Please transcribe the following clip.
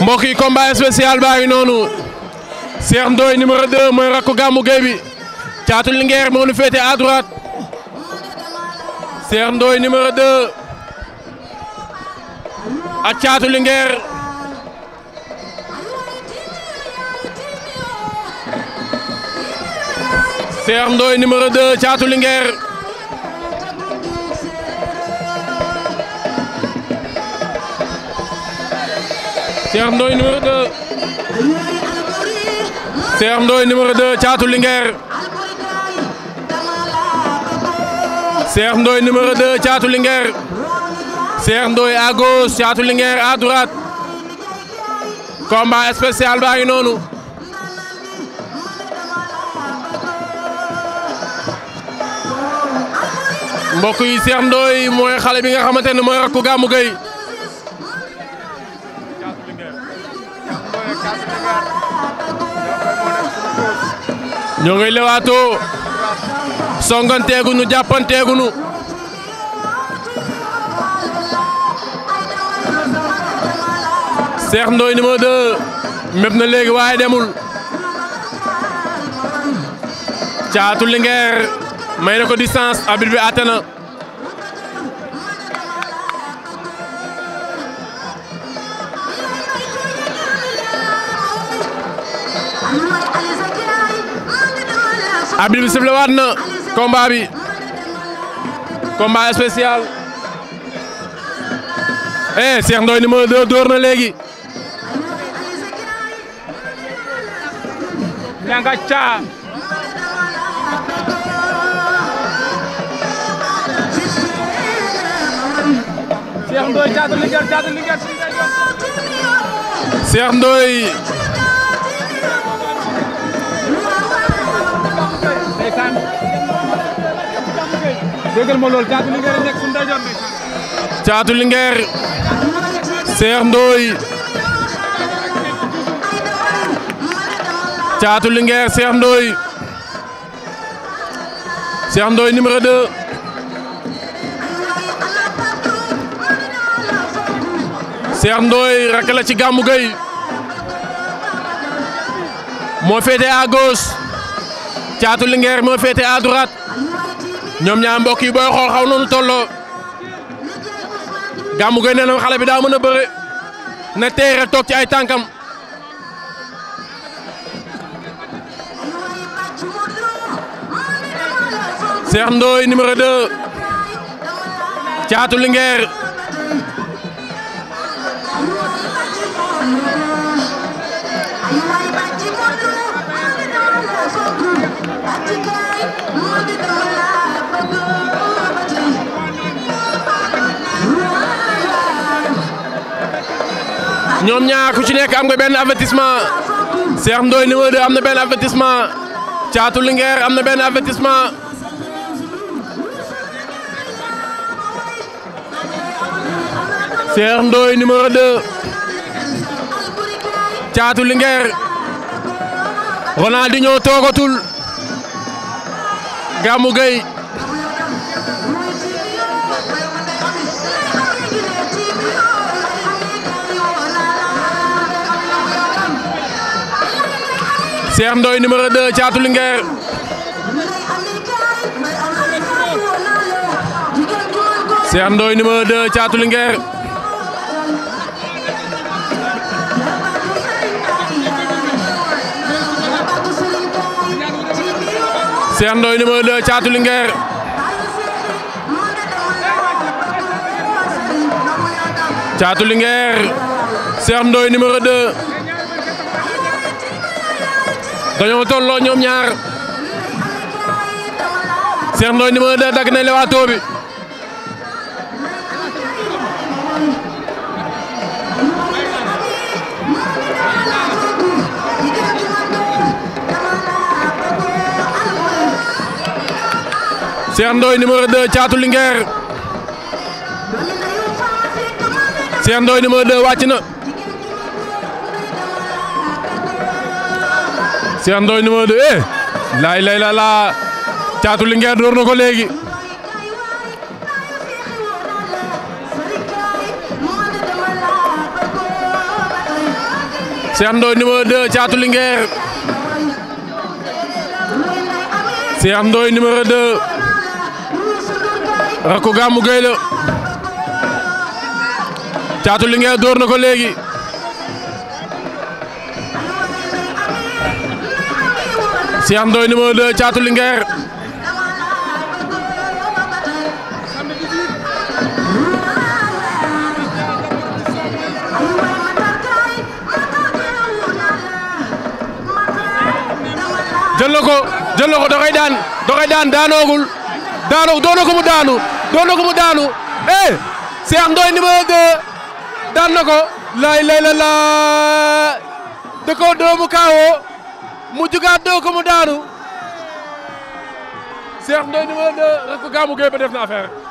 mbokk yi combat spécial baa ngi noonu Cheikh Ndoye numéro 2 mooy rakku Gamou Gueye bi Thiatou Linguère moo ñu féete à droite Cheikh numéro 2 ak Thiatou Linguère Cheikh Ndoye numéro 2 Thiatou Linguère Cheikh Ndoye numéro 2 Cheikh Ndoye numéro 2 Thiatou Linguère Cheikh Ndoye baa ngi noonu mbokk yi Cheikh Ndoye mooy xale bi nga xamante ne mooy rakku Gamou Gueye ñoo ngi lewaatoo songanteegunu jàppanteegunu Cheikh Ndoye numéro 2 mépp na léegi waaye demul caatu lingeer may na ko distance abil bi àtte na arbitre bi sifflé waat na combat bi combat spécial eh Cheikh Ndoye numéro 2 door na léegi. ñanga caa. Cheikh Ndoye caatu Linguère caatu Linguère. Cheikh Ndoye. déggal ma loolu caatu lingeer nekk suñu caatu lingeer Cheikh Ndoye numéro 2 Cheikh Ndoye rakk ci Gamou moo féete à caatu lingeer moo féete à ñoom ñaar mbokk yi booy xool xaw noonu tolloo Gamou Gueye nee na xale bi daa mën a bëre na teere toog ci ay tànkam Cheikh Ndoye numéro 2 Thiatou Linguère ñoom ñaar ku ci nekk am nga benn avertissement Cheikh Ndoye numéro 2 am na benn avertissement Thiatou Linguère am na benn avertissement Cheikh Ndoye numéro 2 Thiatou toogatul Gamou Gueye Cheikh Ndoye numéro 2 Thiatou Linguère Cheikh Ndoye numéro 2 Thiatou Linguère Cheikh Ndoye numéro dañoo tolloo ñoom ñaar Cheikh Ndoye numéro 2 dagg li lewaatoo bi Cheikh Ndoye numéro 2 na Cheikh Ndoye numéro 2 eh laay lay caatu Linguère door na ko léegi Cheikh Ndoye numéro 2 caatu Linguère Cheikh Ndoye Cheikh Ndoye numéro 2 Thiatou ko jël na ko daan da koy daanoogul daanoo ko mu daanu doon mu daanu eh Cheikh Ndoye numéro 2 daan na ko laay lay la laa da koo doomu mu jugaat doo ko mu daanu Cheikh Ndoye numéro 2 rek ko gaamu ba def na affaire